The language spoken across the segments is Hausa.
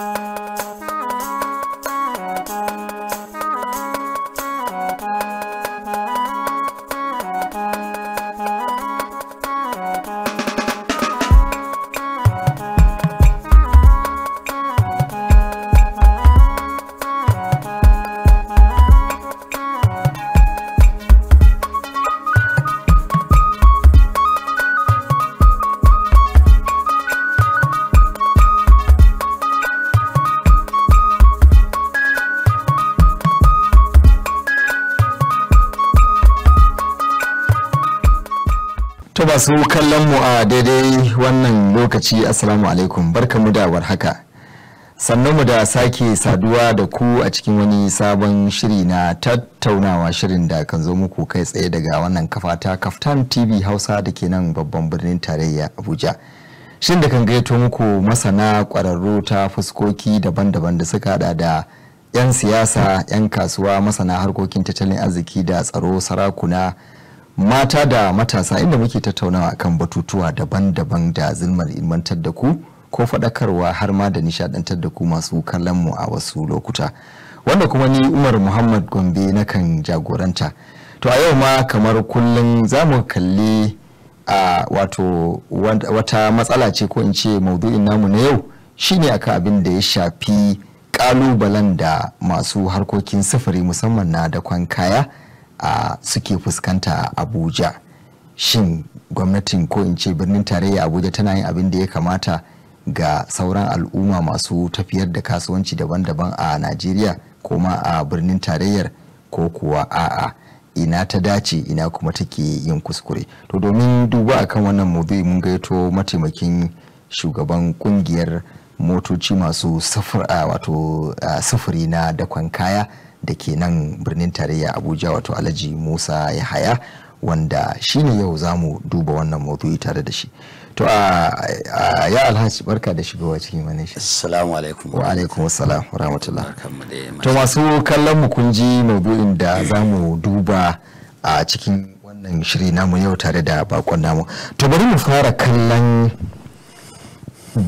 Música ah. masu kallon mu a daidai wannan lokaci asalamu alaikum barkamu da warhaka sannan mu da sake saduwa da ku a cikin wani sabon shiri na tattaunawa shirin da kan zo muku kai tsaye daga wannan kafata kaftan tv hausa da ke nan babban birnin tarayya abuja shin da kan gaito muku masana kwararru ta fuskoki daban-daban da suka hada da 'yan siyasa 'yan kasuwa masana harkokin tattalin arziki da tsaro sarakuna mata da matasa inda muke tattaunawa kan batutuwa daban-daban da zilmar ilmantar da ku ko faɗakarwa har ma da nishaɗantar da ku masu kallon mu a wasu lokuta wanda kuma ni umar muhammad gombe na kan jagoranta to a yau ma kamar kullum za mu kalli a wato wata matsala ce ko in ce maudu'in namu na yau shine akan abin da ya shafi ƙalubalen da masu harkokin sufuri musamman na dakon kaya a suke fuskanta abuja shin gwamnatin ko in ce birnin tarayya abuja tana yin abin da ya kamata ga sauran al'umma masu tafiyar da kasuwanci daban-daban a najeriya ko ma a birnin tarayyar ko kuwa a'a ina ta dace ina kuma take yin kuskure to domin duba akan wannan maudu'i mun gaito mataimakin shugaban kungiyar motoci masu sufuri na dakon kaya da ke nan birnin tarayya abuja wato alhaji musa yahaya wanda shine yau za mu duba wannan maudu'i tare da shi to a ya alhaji barka da shigowa cikin wani shi assalamu alaikum wa alaikum assalam wa rahmatullah to masu kallon mu kun ji maudu'in da za mu duba a cikin wannan shiri namu yau tare da bakon namu to bari mu fara kallon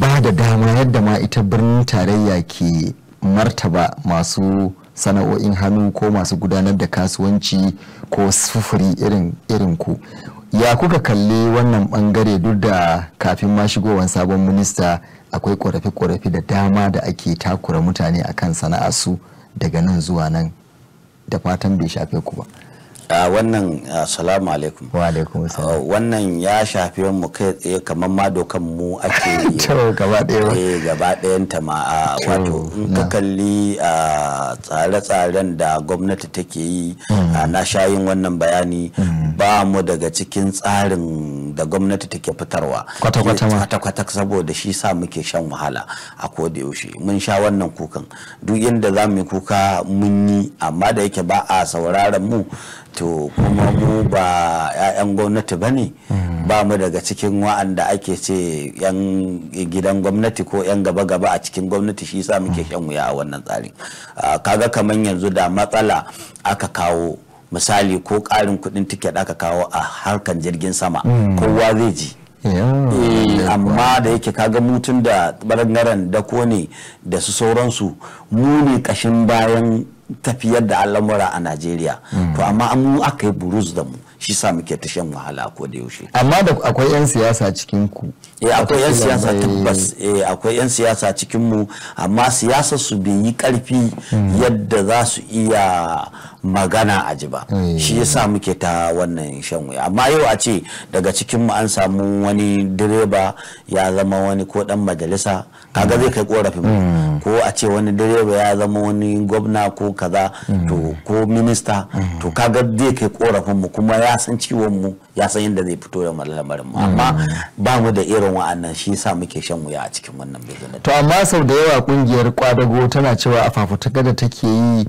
ba da dama yadda ma ita birnin tarayya ke martaba masu sana'o'in hannu ko masu gudanar da kasuwanci ko sufuri irin ku ya kuka kalli wannan bangare duk da kafin ma shigowar sabon minista akwai korafi korafi da dama da ake takura mutane akan sana'a su daga nan zuwa nan da fatan bai shafe ku ba. A wannan salamu alaikum wa alaikum wannan ya shafi mu kai tsaye kamar ma dokan mu ake to gaba ɗaya eh, ta ma wato in ka kalli tsare-tsaren da gwamnati take yi hmm. na shayin wannan bayani hmm. ba mu daga cikin tsarin da gwamnati take fitarwa kwata-kwata saboda shi sa muke shan wahala a koda yaushe mun sha wannan kukan duk inda za mu yi kuka mun yi amma da yake ba a sauraron mu to kuma mu ba 'ya'yan gwamnati ba ne ba mu daga cikin wa'anda ake ce 'yan gidan gwamnati ko 'yan gaba-gaba a cikin gwamnati shi sa muke shan wuya a wannan tsarin kaga kamar yanzu da matsala aka kawo misali ko ƙarin kuɗin tiket aka kawo a harkan jirgin sama hmm. kowa zai ji eh, amma da yake kaga mutum da ɓangaren dako ne da su sauransu mu ne ƙashin bayan tafiyar da al'amura a najeriya to amma mu aka yi buruz da mu shi sa muke ta shan wahala ko da yaushe amma da akwai yan siyasa cikin ku eh akwai yan siyasa tabbas eh akwai yan siyasa cikin mu amma siyasa su bai yi karfi hmm. yadda za su iya magana a ji ba eh. shi yasa muke ta wannan shan wuya amma yau a ce daga cikin mu an samu wani direba ya zama wani ko dan majalisa kaga zai kai korafin hmm. ko a ce wani direba ya zama wani gwamna ko kaza hmm. to ko minista to kaga zai kai korafin mu kuma ya ya san ciwon mu ya san yadda zai fito da lamarin mu amma ba mu da irin wa'annan shi yasa muke shan wuya a cikin wannan business to amma sau da yawa kungiyar kwadago tana cewa a da take yi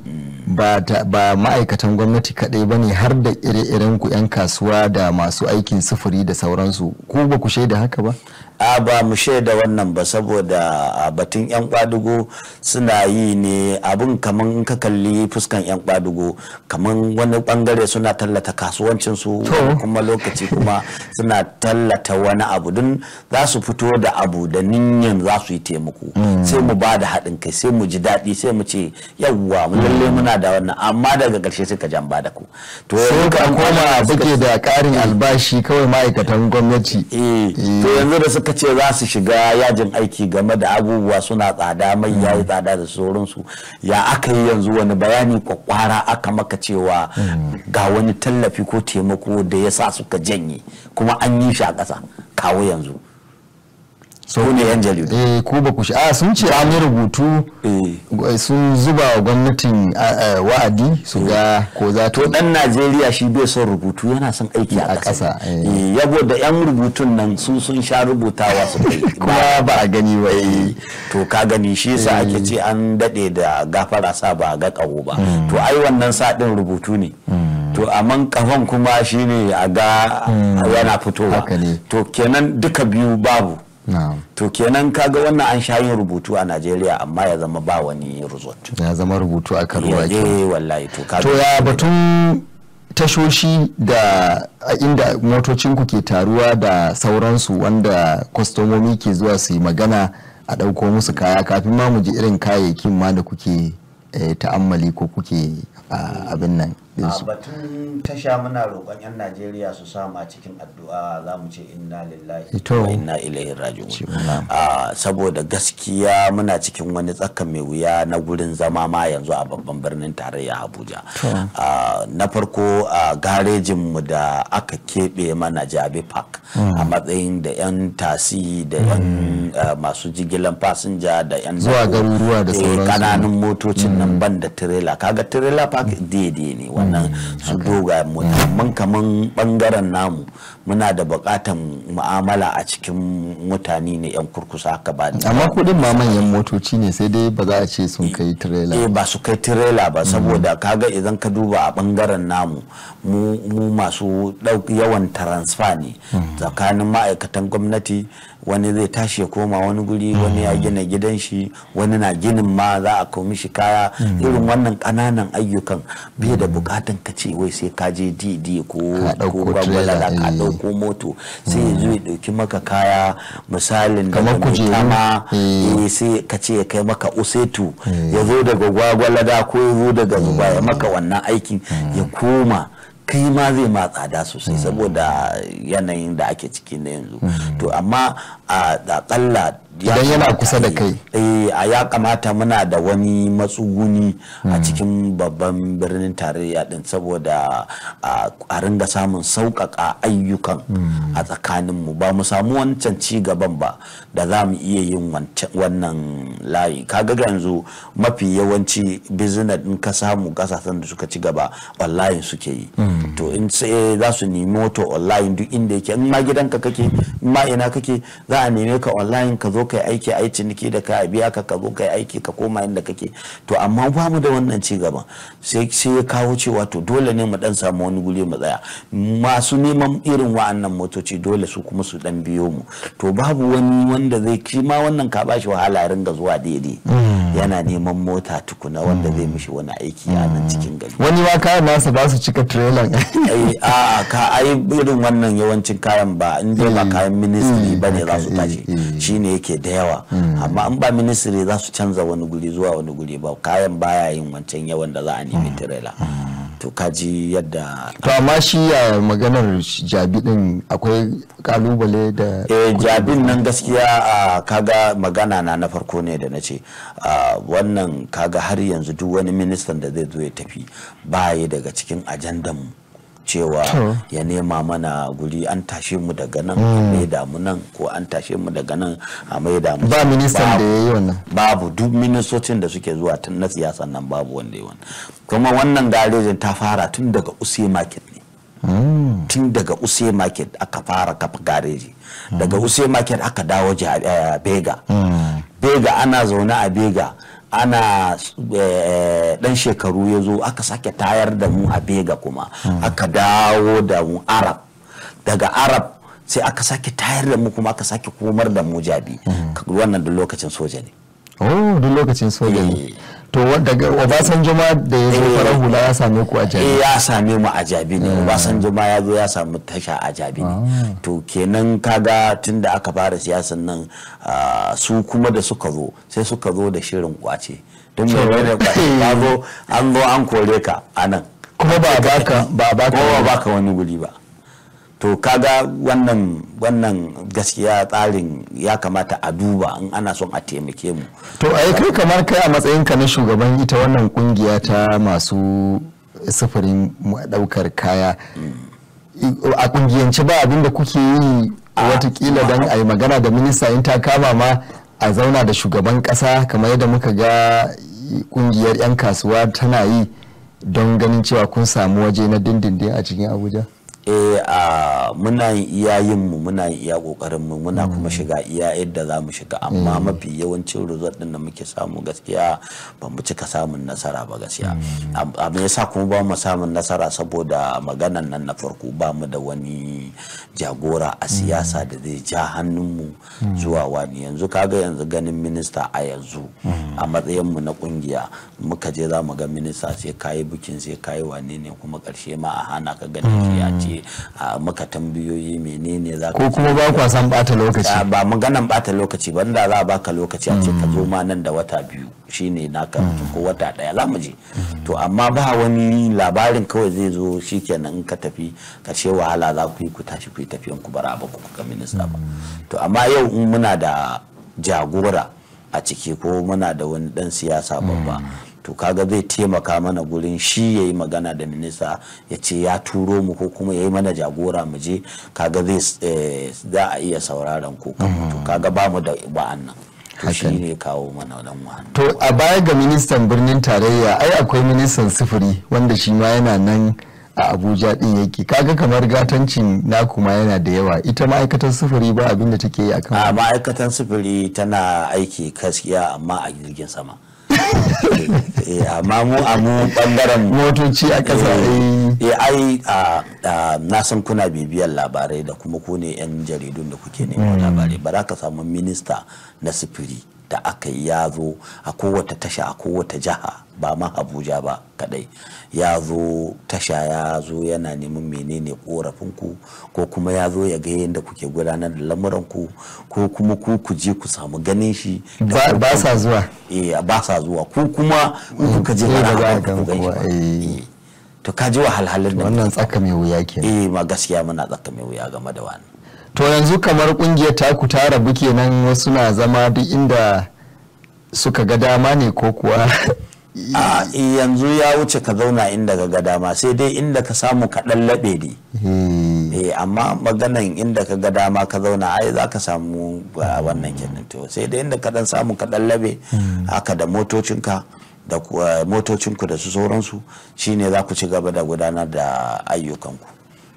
ba ma'aikatan gwamnati kadai ne har da ire-iren ku yan kasuwa da masu aikin sufuri da sauransu ko ba ku shaida haka ba a ba mu da wannan ba saboda batun yan kwadugo suna yi ne abin kamar in ka kalli fuskan yan kwadugo kamar wani bangare suna tallata kasuwancin su kuma lokaci kuma suna tallata wani abu don za su fito da abu da ninyan za su yi taimako mm. sai mu ba da haɗin kai sai mu ji daɗi sai mu ce yawwa mu lalle muna da wannan amma daga ƙarshe suka jan ba da ku to sai ka koma suke da ƙarin albashi kawai ma'aikatan gwamnati eh, to yanzu da suka ce za su shiga yajin aiki game da abubuwa suna tsada mai yayi mm. tsada da sauransu ya aka yi yanzu wani bayani kwakwara aka maka cewa mm. ga wani tallafi ko taimako da ya sa suka janye kuma an yi shi a ƙasa kawo yanzu su yan jaridu eh ko ba ku shi a ah, sun ce an yi rubutu eh. sun zuba gwamnatin wa'adi su ga ko za to dan Najeriya shi bai son rubutu yana son aiki a ƙasa eh. Eh, yabo da yan rubutun nan sun sun sha rubutawa su kuma ba a gani ba to ka gani shi yasa ake ce an dade da gafara sa ba ga kawo ba hmm. to ai wannan din rubutu ne hmm. to amma kafan kuma shine a ga hmm. yana fitowa to kenan duka biyu babu to kenan kaga wannan an sha yin rubutu a najeriya amma ya zama ba wani resort ya zama rubutu a karuwa ruwa eh, wallahi to to ya batun tashoshi da inda motocinku ke taruwa da sauransu wanda kwastomomi ke zuwa su yi magana a ɗauko musu kaya kafin ma mu ji irin kayayyakin ma da kuke eh, ta'ammali ko kuke ah, abin nan a batun tasha muna roƙon 'yan najeriya su samu a cikin addu'a za mu ce inna lillahi wa inna ilaihi raji'un saboda gaskiya muna cikin wani tsakan mai wuya na gurin zama ma yanzu a babban birnin tarayya abuja na farko garejin mu da aka keɓe mana jabe park mm. a matsayin da 'yan tasi da 'yan mm. masu jigilan fasinja da 'yan zuwa garuruwa da eh, sauransu kananun motocin nan mm. ban da tirela kaga tirela park daidai ne wannan su doga kaman bangaren namu muna da bukatan mu'amala a cikin mutane ne yan kurkusa haka ba amma kudin ma manyan motoci ne sai dai ba za a ce sun kai eh, tirela eh ba su kai tirela ba mm. saboda kaga idan ka duba a bangaren namu mu masu yawan transfer ne mm. tsakanin ma'aikatan gwamnati wani zai tashi ya koma wani guri wani ya gina gidan shi wani na ginin ma za a komi shi kaya irin wannan kananan ayyukan bai da bukatan ka ce wai sai ka je dd ko gwagwala da ka dauko eh. moto sai ya zo ya ɗauki maka kaya misalin da wani kama sai ka ce ya kai maka usetu eh. ya zo daga gwagwala da ko ya zo daga zuba ya maka wannan aikin hmm. ya koma kai ma zai ma tsada sosai hmm. saboda yanayin da ake ciki na yanzu hmm. to amma a ƙalla idan yana kusa da kai eh, a ya kamata muna da wani matsuguni a hmm. cikin babban birnin tarayya din saboda a ringa samun sauƙaƙa ayyukan hmm. a tsakaninmu ba mu samu wancan ci gaban ba da za mu iya yin wannan layi kaga yanzu mafi yawanci bizina in ka samu kasashen da suka ci gaba online suke yi hmm. to in sai za su nemi wato online duk inda yake in ma gidanka kake in ma ina kake za a neme ka online ka zo kai aiki a ciniki da ka biya ka ka zo kai aiki ka koma inda kake to amma ba mu da wannan ci gaban sai ya kawo cewa to dole ne mu dan samu wani guri mu tsaya masu neman irin wa'annan motoci dole su kuma su dan biyo mu to babu wani wanda zai kima wannan ka bashi wahala ya ringa zuwa daidai hmm. yana neman mota tukuna wanda zai mishi wani aiki a nan hmm. cikin gari wani ma kayan nasa ba su cika trailer eh, a ka ai irin wannan yawancin kayan ba in dai ba hmm. kayan ministry bane za su tashi shine yake suke da yawa hmm. amma an ba ministry za su canza wani guri zuwa wani guri ba kayan baya yin wancan yawan da za a nemi hmm. tirela hmm. to kaji yadda to amma shi ya maganar jabi din akwai kalubale da eh jabin nan gaskiya kaga magana na na farko ne da nace wannan kaga har yanzu duk wani ministan da zai zo ya tafi baye daga cikin ajandan mu cewa ya nema mana guri an tashe mu daga nan mm. a maida mu nan ko an tashe mu daga nan a maida mu ba ministan da yayi wannan babu duk ministocin da suke zuwa tun na siyasan nan babu wanda yayi wannan kuma wannan garejin ta fara tun daga use market ne mm. tun daga use market aka fara kafa gareji mm. daga use market aka dawo eh, bega bega ana zaune a bega ana dan eh, shekaru ya zo aka sake tayar da mu a bega kuma hmm. aka dawo da mu arab daga arab sai aka sake tayar da mu kuma aka sake komar da mu jabi hmm. wannan da lokacin soja ne oh duk lokacin soja ne eh. to daga obasanjo ma da ya zo farar hula ya same ku a jabi eh, ya same mu a jabi ne ah. obasanjo ma ya zo ya samu tasha a jabi ne ah. to kenan kaga tun da aka fara siyasan nan ah, su kuma da suka zo sai suka zo da shirin kwace don mai wani kwace ka zo an zo an kore ka a nan kuma ba baka ba baka wani guri ba to kaga wannan wannan gaskiya tsarin ya kamata a duba in ana son a taimake mu to a kai kamar kai a matsayin ka na shugaban ita wannan kungiya ta masu sufurin daukar kaya a kungiyance ba abinda kuke yi watakila don a yi magana da minista in ta kama ma a zauna da shugaban kasa kamar yadda muka ga kungiyar 'yan kasuwa tana yi don ganin cewa kun samu waje na dindindin a cikin abuja eh a muna yin iya yin mu muna iya kokarin mu muna kuma mm. shiga iya yadda za mu shiga amma mm. mafi yawancin result din da muke samu gaskiya ba mu cika samun nasara ba gaskiya me mm. yasa kuma ba mu samun nasara saboda maganan nan na farko ba mu da wani jagora a siyasa da zai ja hannun mu zuwa wani yanzu kaga yanzu ganin minista a yanzu a matsayin mu na kungiya muka je za mu ga minista sai kayi bikin sai kayi wane ne kuma karshe ma a hana ka ganin shi ya ce je a maka tambayoyi menene za ko kuma ba ku san bata lokaci ba maganan bata lokaci ba da za a baka lokaci a ce ka zo ma nan da wata biyu shine naka ko wata daya za mu je to amma ba wani labarin kawai zai zo shikenan in ka tafi Ka ce wahala za ku yi ku tashi ku yi tafiyan ku bara ba ku ga minista ba to amma yau in muna da jagora a ciki ko muna da wani dan siyasa babba to kaga zai taimaka mana gurin shi ya yi magana da minista ya ce ya turo mu ko kuma ya yi mana jagora mu je kaga zai eh, za a iya sauraron ko to mm. kaga ba mu da to shi ne kawo mana wannan to a baya ga ministan birnin tarayya ai akwai ministan sufuri wanda shi ma yana nan a abuja din yake kaga kamar gatancin na kuma yana da yawa ita ma'aikatan sufuri ba abin take yi a a ma'aikatan sufuri tana aiki gaskiya amma a jirgin sama Eh, amma mu a mu bangaren motoci a ƙasa eh, eh. eh ai na san kuna bibiyar labarai da kuma ku ne yan jaridun da kuke neman hmm. labarai ba za ka samu minista na sifiri da aka yi ya zo a kowace tasha a kowace jiha ba ma abuja ba kadai ya zo tasha ya zo yana neman menene korafinku ko kuma ya zo ya ga yadda kuke gudanar da lamuranku ko kuma ku ku je ku samu ganin shi ba sa zuwa eh ba sa zuwa ko kuma in kuka je eh, ba ga ganshi eh. to ka ji wahalhalin da wannan tsaka mai wuya ke eh ma gaskiya muna tsaka mai wuya game da wani to yanzu kamar kungiyar ku tara buke nan wasu na zama duk inda suka ga dama ne ko kuwa yanzu ya wuce ka zauna inda ga dama sai dai inda ka samu ka dan labe ne hmm. eh amma maganan inda ka ga dama ka zauna ai za ka samu wannan kenan to sai dai inda ka dan samu kaɗan dan labe hmm. haka da motocinka da eh, motocinku da su sauransu shine za ku ci gaba da gudanar da ayyukanku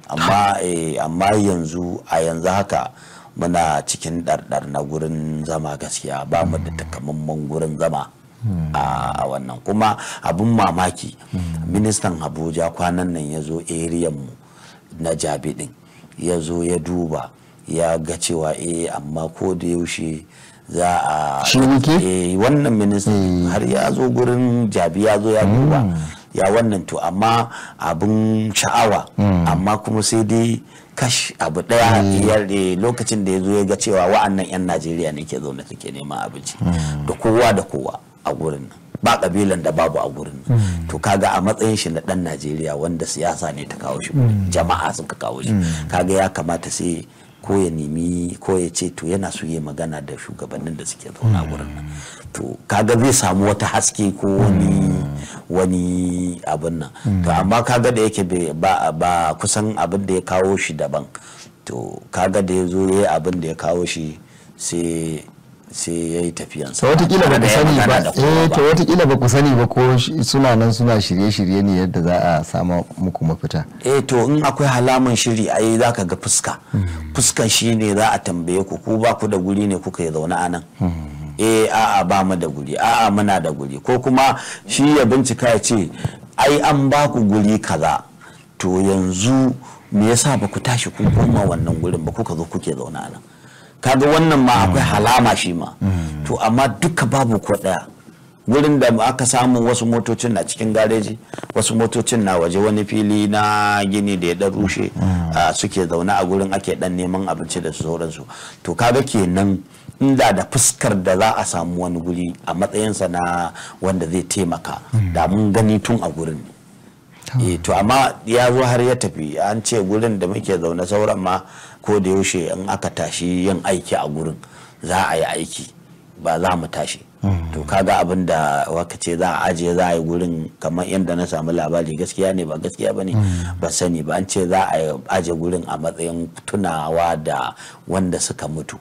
amma eh, amma yanzu a yanzu haka muna cikin ɗarɗar na gurin zama gaskiya ba mu da takamaiman gurin zama a wannan kuma abin mamaki ministan abuja kwanan nan ya zo mu na jabi din ya zo ya duba ya ga cewa eh amma ko da yaushe za a eh, wannan ministan hmm. har ya zo gurin jabi ya zo ya duba hmm. ya wannan to amma abin sha'awa hmm. amma kuma sai dai kash abu daya ya da lokacin da ya zo ya ga cewa wa'annan 'yan najeriya ne ke zaune suke neman abinci da kowa da kowa a gurin nan ba kabilan da babu a gurin hmm. to kaga a matsayin shi na dan Najeriya wanda siyasa ne ta kawo shi hmm. jama'a suka kawo shi hmm. kaga ya kamata sai ko ya nemi ko ya ce to yana so magana da shugabannin da suke zauna gurin nan to kaga zai samu wata haske ko wani wani abin nan to amma kaga da yake ba ba kusan abin da ya kawo shi daban to kaga da ya zo ya abin da ya kawo shi sai sai ya yi tafiyansa watakila ba sani eh, ba watakila ba ku sani ba ko suna nan suna shirye-shirye ne yadda za a sama muku mafita eh to in akwai halaman shiri ai za ka ga fuska hmm. fuskan shi ne za a tambaye ku ku ba ku da guri ne kuka yi zaune a nan hmm. eh a'a ba mu da guri a'a muna da guri ko kuma shi ya bincika ya ce ai an ba ku guri kaza to yanzu me yasa ba ku tashi kun koma wannan gurin ba kuka zo kuke zaune a nan kaga wannan ma akwai mm. halama shi ma mm. to amma duka babu ko daya wurin da aka samu wasu motocin na cikin gareji wasu motocin na waje wani fili na gini da ya dan rushe mm. suke zaune a gurin ake dan neman abinci da sauransu to kaga kenan inda da fuskar da za a samu wani guri a matsayinsa na wanda zai taimaka da mun gani tun a gurin Eh, to amma ya zo har ya tafi an ce gurin da muke zaune sauran ma ko da yaushe in aka tashi yin aiki a gurin za a yi aiki ba za mu tashi hmm. to kaga abin da waka ce za a ajiye za a yi gurin kamar yadda na samu labari gaskiya ne ba gaskiya ba ne hmm. ba sani ba an ce za a ajiye gurin a matsayin tunawa da wanda suka mutu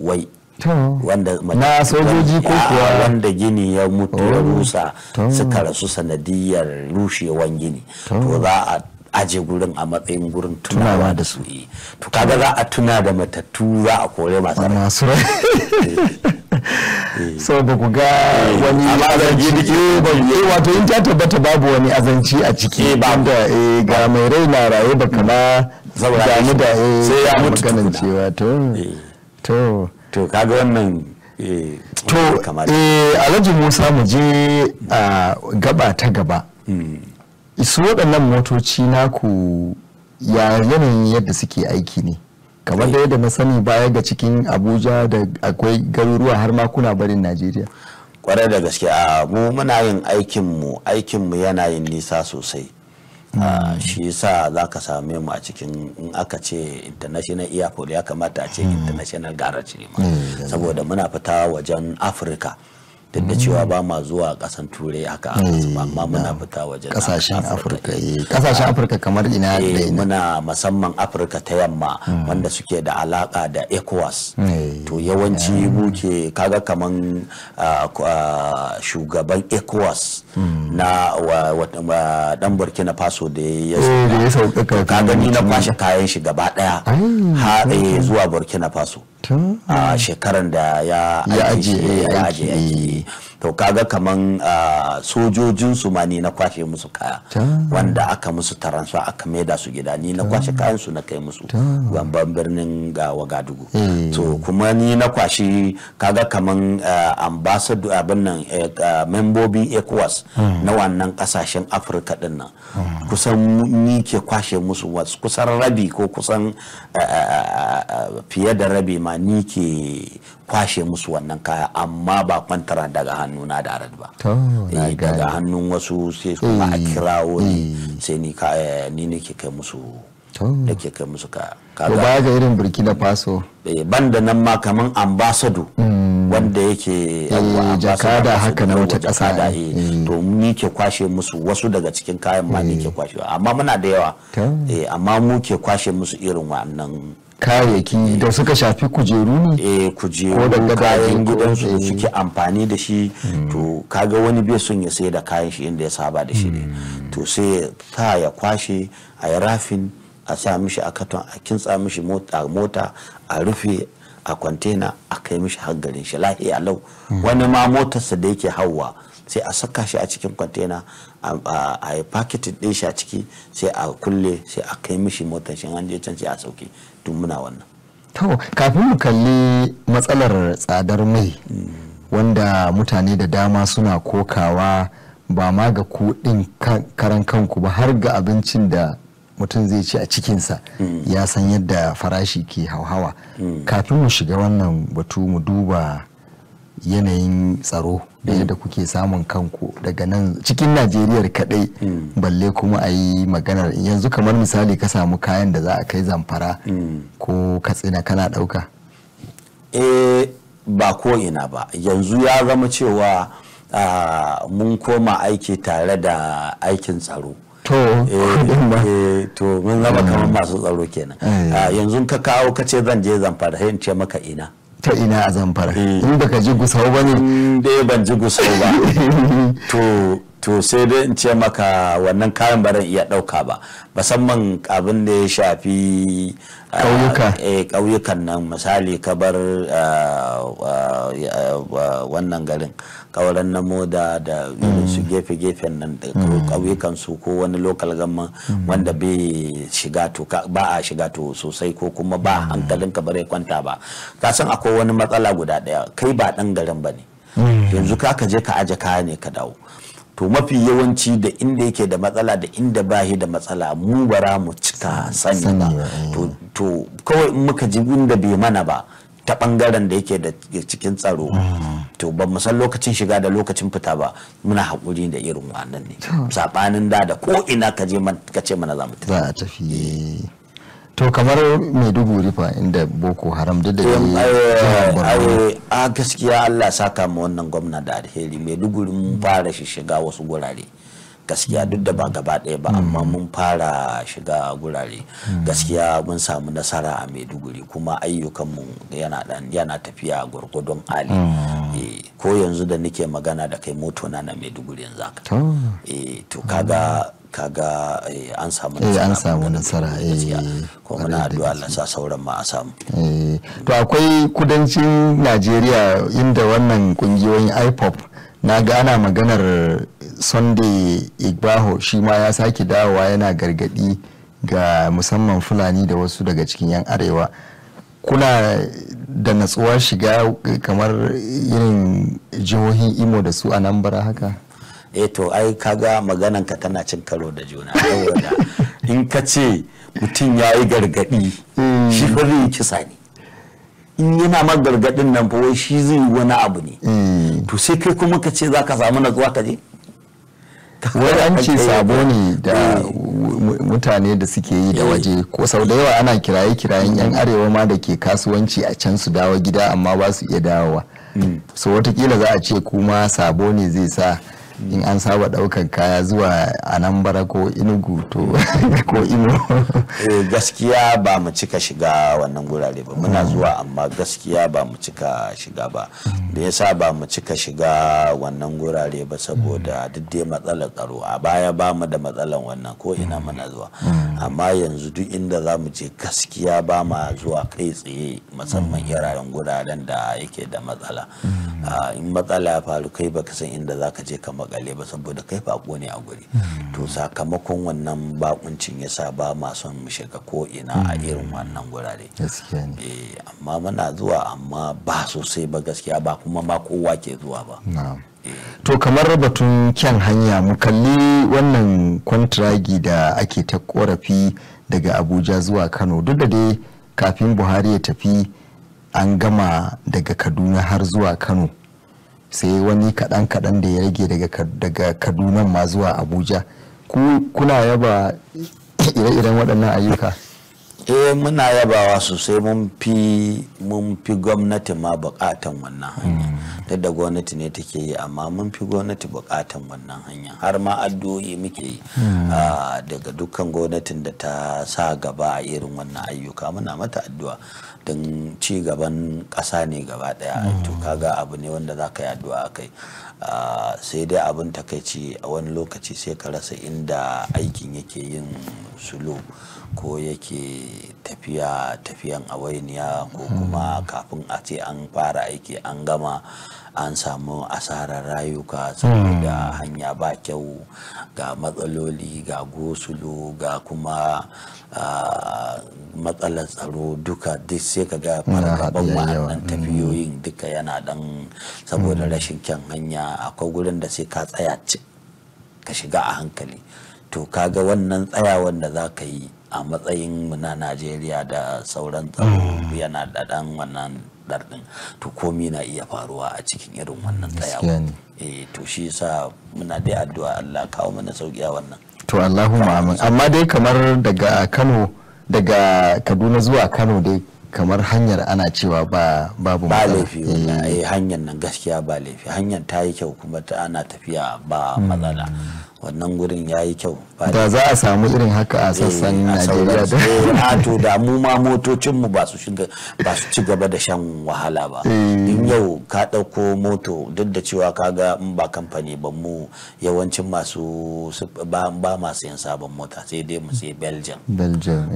wai na sojoji ko ah, kuwa wanda gini ya mutu ya rusa suka rasu sanadiyar rushewan gini to za a aje gurin a matsayin gurin tunawa da su eh, to kaga za a tuna da matattu za a kore masu eh. so ba ku ga eh, wani azanci da wato in ta tabbata babu wani azanci a ciki banda ga mai rai na raye ba kama zaura da sai ya mutu cewa to to to kaga wannan eh, to eh, alhaji musa mu je a gaba ta gaba hmm. su waɗannan motoci naku ya yanayin yadda suke aiki ne kamar da eh. yadda na sani baya ga cikin abuja da akwai garuruwa har ma kuna barin najeriya kwarai da gaske a mu muna yin aikinmu aikinmu yana yin nisa sosai Ah. Ah, shi sa za ka same mu a cikin in aka ce international airport ya kamata a ce hmm. international garage ne ma eh, saboda muna fita wajen afirka duk da mm. cewa ba ma zuwa kasan turai haka eh, amma muna fita wajen kasashen afirka kasashen eh. eh, afirka kamar ina da muna musamman afirka ta yamma mm. wanda suke da alaka da ecowas to yawanci muke kaga kaman ah, ah, shugaban ecowas mm. na dan burkina faso da ya sauka kaga ni na kwashe kayan shi gaba daya har zuwa burkina faso a shekaran da ya ajiye aiki to kaga kaman ah, sojojin su ma ni na kwashe musu kaya wanda aka musu taransa aka maida su gida ni na kwashe kayan su na kai musu gamban birnin ga wagadugu eh. to kuma ni na kwashi kaga kaman ah, ambassador abin nan eh, ah, membobi ecowas hmm. na wannan kasashen afirka din nan hmm. kusan ni ke kwashe musu wasu kusan rabi ko kusan fiye da rabi ma ni ke kwashe musu wannan kaya amma ba kwantara daga hannu na da arad ba eh, daga hannun wasu sai kuma a kirawo ne sai eh, ni nake kai musu da ke kai musu kaya kaga ba ga irin burkina faso eh, ban da nan ma kaman ambasado mm. wanda yake jakada haka na wata kasa da to ni ke kwashe musu wasu daga cikin kayan ma ni ke kwashe amma muna da yawa amma mu ke kwashe musu irin wannan kayayyaki da suka shafi kujeru ne eh kujeru ko kayan gidansu suke amfani da shi hmm. to kaga wani bai son ya sayar da kayan shi inda ya saba da shi ne hmm. to sai ta ya kwashe a yi rafin a sa mishi a katon a kintsa mishi mota a rufe a kwantena a kai mishi haggarin shi lahi alau hmm. wani ma motarsa da yake hawa sai a saka shi a cikin kwantena a yi paketin ɗin shi a ciki sai a kulle sai a kai mishi motar shi an je can sai a sauke tun muna wannan to kafin mu kalli matsalar tsadar mai hmm. wanda mutane da dama suna kokawa ba ma ga kuɗin karan kanku ba har ga abincin da mutum zai ci a cikinsa hmm. ya san yadda farashi ke hauhawa hmm. kafin mu shiga wannan batu mu duba yanayin tsaro da yadda mm. kuke samun kanku daga nan cikin najeriya kadai mm. balle kuma a yi maganar yanzu kamar misali ka samu kayan da za a kai zamfara mm. ko katsina kana dauka eh, ba ko ina ba yanzu ya zama cewa mun koma aiki tare da aikin tsaro to eh, eh, mun zama kamar masu tsaro kenan yanzu ka kawo ka ce zan je zamfara sai in ce maka ina ta ina a zamfara eh. in baka ji gusau ba ne da ban ji gusau ba to to sai dai in ce maka wannan kayan baran iya ɗauka ba musamman abin da ya shafi ah, eh, ƙauyukan nan misali kabar ah, ah, wannan garin kawaran na moda da su mm. gefe-gefen nan mm. ƙauyukan su ko wani lokal gama mm. wanda bai shiga to ba a shiga to sosai ko kuma ba hankalin ka bare kwanta ba ka san akwai wani matsala guda ɗaya kai ba ɗan garin ba ne yanzu ka ka je ka aje kaya ne ka dawo to mafi yawanci da inda yake da matsala da inda bahi da matsala mu bara mu cika sani ba eh. to kawai in muka ji inda bai mana ba ta bangaren da yake da cikin tsaro hmm. to ba san lokacin shiga da lokacin fita ba muna hakuri da irin wannan ne sabanin da da ko ina ka je ka ce mana za mu tafi to kamar maiduguri fa inda boko haram duk da a gaskiya allah saka mu wannan gwamna da alheri maiduguri mun fara shi shiga wasu gurare gaskiya duk da ba gaba ɗaya ba amma mun fara shiga gurare gaskiya mun samu nasara a maiduguri kuma ayyukanmu yana tafiya a gwargwadon hali mm. eh, ko yanzu da nake magana da kai motona na maiduguri yanzu haka to eh, kaga kaga eh, an samu eh, nasara an samu nasara ko eh, muna addu'a Allah sa sauran ma a samu to akwai kudancin Najeriya inda wannan kungiyoyin IPOP na gana maganar Sunday Igbaho shi ma ya sake dawowa yana gargadi ga musamman Fulani da wasu daga cikin 'yan arewa kuna da natsuwa shiga kamar irin jihohin imo da su a nan bara haka eto eh to ai kaga maganan ka tana cin karo da juna saboda in ka ce mutum ya yi gargadi shi fa zai kisa ne in yana ma gargadin nan wai shi zai yi wani abu ne mm. to sai kai kuma ka ce za ka samu zuwa ka je wani an ce sabo ne da mutane da suke yi da waje ko sau da yawa ana kiraye kirayen yan arewa ma da ke kasuwanci a can su dawo gida amma ba su iya dawowa mm. so watakila za a ce kuma sabo ne zai sa in an saba daukan kaya zuwa a nan bara ko inugu to ko ino eh, gaskiya ba mu cika shiga wannan gurare ba muna mm. zuwa amma gaskiya ba mu cika shiga ba mm. da yasa ba mu cika shiga wannan gurare ba saboda mm. duk dai matsalar tsaro a baya ba mu da matsalar wannan ko ina muna zuwa amma yanzu duk inda za mu je gaskiya ba ma zuwa kai tsaye musamman yararen guraren da yake da matsala ah, in matsala ya faru kai baka san inda za ka je kamar makale ba saboda kai bako ne a guri to sakamakon wannan bakuncin ya sa ba ma son mu shiga ko ina a hmm. irin wannan gurare eh, amma muna zuwa amma ba sosai ba gaskiya ba kuma ma kowa ke zuwa ba eh. to kamar batun kyan hanya mu kalli wannan kwantiragi da ake ta korafi daga abuja zuwa kano duk da dai kafin buhari ya tafi an gama daga kaduna har zuwa kano sai wani kaɗan kaɗan da ya rage daga kaduna ma zuwa abuja kuna yaba ire-iren waɗannan ayyuka eh muna yabawa sosai mun fi gwamnati ma buƙatan wannan hanya ta hmm. da gwamnati ne take yi amma mun fi gwamnati buƙatan wannan hanya har ma addu'o'i muke yi hmm. ah, daga dukkan gwamnatin da ta sa gaba a irin wannan ayyuka muna mata addu'a din ci gaban ƙasa ne gaba ɗaya to kaga abu ne wanda za ka yi addu'a a kai sai dai abin takaici a wani lokaci sai ka rasa inda aikin yake yin sulu ko yake tafiya tafiyan awainiya ko kuma hmm. kafin a ce an fara aiki an gama an samu asarar rayuka saboda hmm. hanya ba kyau ga matsaloli ga gosulo ga kuma matsalar tsaro duka duk sai ka ga fargaban wa'annan hmm. tafiyoyin duka yana dan saboda hmm. rashin kyan hanya akwai gurin da sai ka tsaya ka shiga a hankali to kaga wannan tsayawan da za ka yi a matsayin mu na najeriya da sauran tsaro yana da dan wannan ɗar ɗin to komi na iya faruwa a cikin irin wannan tsayawa eh to shi yasa muna dai addu'a Allah kawo mana sauki a wannan to Allahumma amin amma dai kamar daga Kano daga Kaduna zuwa Kano dai kamar hanyar ana cewa ba babu ba laifi eh. Eh, hanyar nan gaskiya ba laifi hanyar ta yi kyau kuma ta ana tafiya ba matsala mm. wannan gurin ya yi kyau da za a samu irin haka a sassan eh, najeriya da eh, to da mu ma motocinmu ba su ci gaba da shan wahala ba eh. in yau ka ɗauko moto duk da cewa ka in ba kamfani ba mu yawancin masu ba masu yin sabon mota sai dai mu sai belgium belgium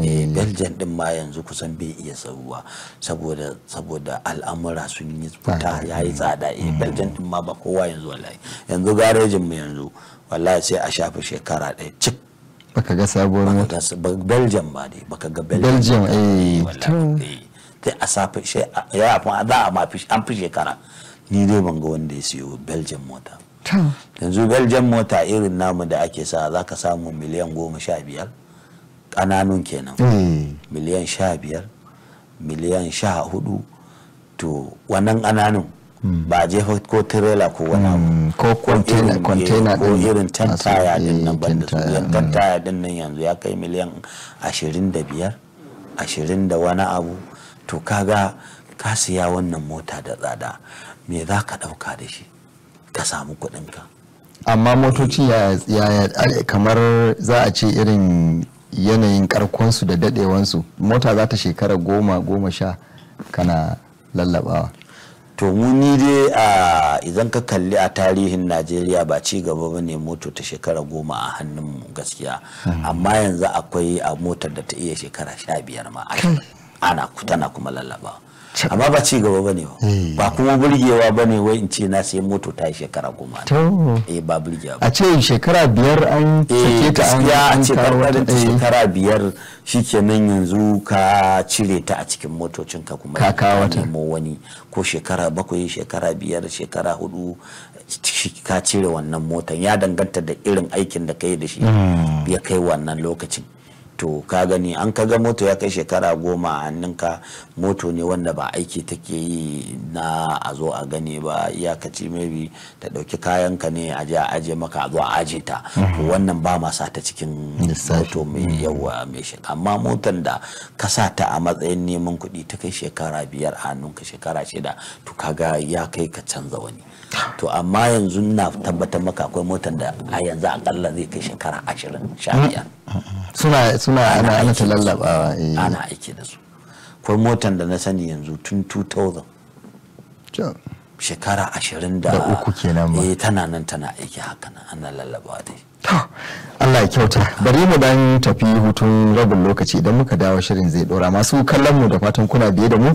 din ma yanzu kusan bai iya sauwa saboda saboda al'amura sun yi fita ya yi tsada belgium din ma ba kowa yanzu wallahi yanzu garejin mu yanzu wallahi sai a shafi shekara ɗaya cik baka ga sabuwar mota belgium ba ne baka ga belgium eh. Eh, eh sai a safi sai ya fa za a ma an fi shekara ni dai ban ga wanda ya siyo belgium mota yanzu belgium mota irin namu da ake sa za ka samu miliyan goma sha biyar ƙananun kenan eh. miliyan sha biyar miliyan sha hudu to wannan ƙananun Hmm. ba jefa ko tirela ko wani hmm, ko irin tantaya din eh, nan tantaya hmm. din nan yanzu ya kai miliyan ashirin da biyar ashirin da wani abu to kaga ka siya wannan mota da tsada me za ka ɗauka da shi ka samu kuɗinka amma motoci ya kamar za a ce irin yanayin karkonsu da dadewansu mota za ta shekara goma goma sha kana lallabawa to mu ni dai a idan ka kalli a tarihin najeriya ba ci gaba ba ne moto ta shekara goma a hannun gaskiya hmm. amma yanzu akwai a motar da ta iya shekara sha biyar ma ana kuma lallaba amma ba ci gaba bane ba eh. ba kuma burgewa bane wai in ce na sai moto ta yi shekara goma eh ba burgewa a ce shekara biyar an eh, sake ta an ya a ce karkarin ta eh. shekara biyar shikenan yanzu ka cire ta a cikin motocin ka kuma ka nemo wani ko shekara bakwai shekara biyar shekara hudu ka cire wannan motan ya danganta da irin aikin da ka yi da shi hmm. ya kai wannan lokacin to ka gani an ka ga moto ya kai shekara goma a hannunka moto ne wanda ba aiki take yi na a zo a gani ba iyakaci maybe ta ɗauki kayanka ne a je a aje maka a zo a aje ta mhm. wannan ba ma sa ta cikin moto mai mhm. yawa mai shekara amma motan da ka sa ta a matsayin neman kuɗi ta kai shekara biyar a hannunka shekara shida to kaga ya kai ka canza wani to amma yanzu na tabbatar maka akwai motar da a yanzu akalla zai kai shekara ashirin sha mm. biyar suna suna ana ana ta lallabawa eh. ana aiki da su akwai motar da na sani yanzu tun 2000 shekara ashirin da uku kenan ba eh tana nan tana aiki haka nan ana lallabawa dai Allah ya kyauta bari mu dan tafi hutun rabin lokaci idan muka dawo shirin zai dora masu kallon mu da fatan kuna biye da mu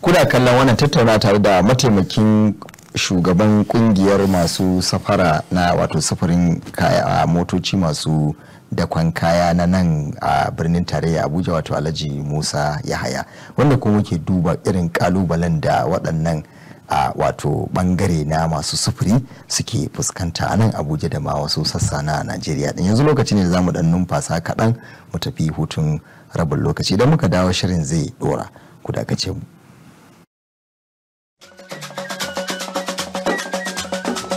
kuna kallon wannan tattauna tare da mataimakin shugaban kungiyar masu safara na wato sufurin kaya motoci masu dakon kaya na nan a birnin tarayya abuja wato alhaji musa yahaya wanda kuma muke duba irin kalubalen da waɗannan a wato bangare na masu sufuri suke fuskanta a nan abuja da ma wasu sassa na najeriya din yanzu lokaci ne za mu dan numfasa kaɗan mu tafi hutun rabin lokaci idan muka dawo shirin zai ɗora ku dakace mu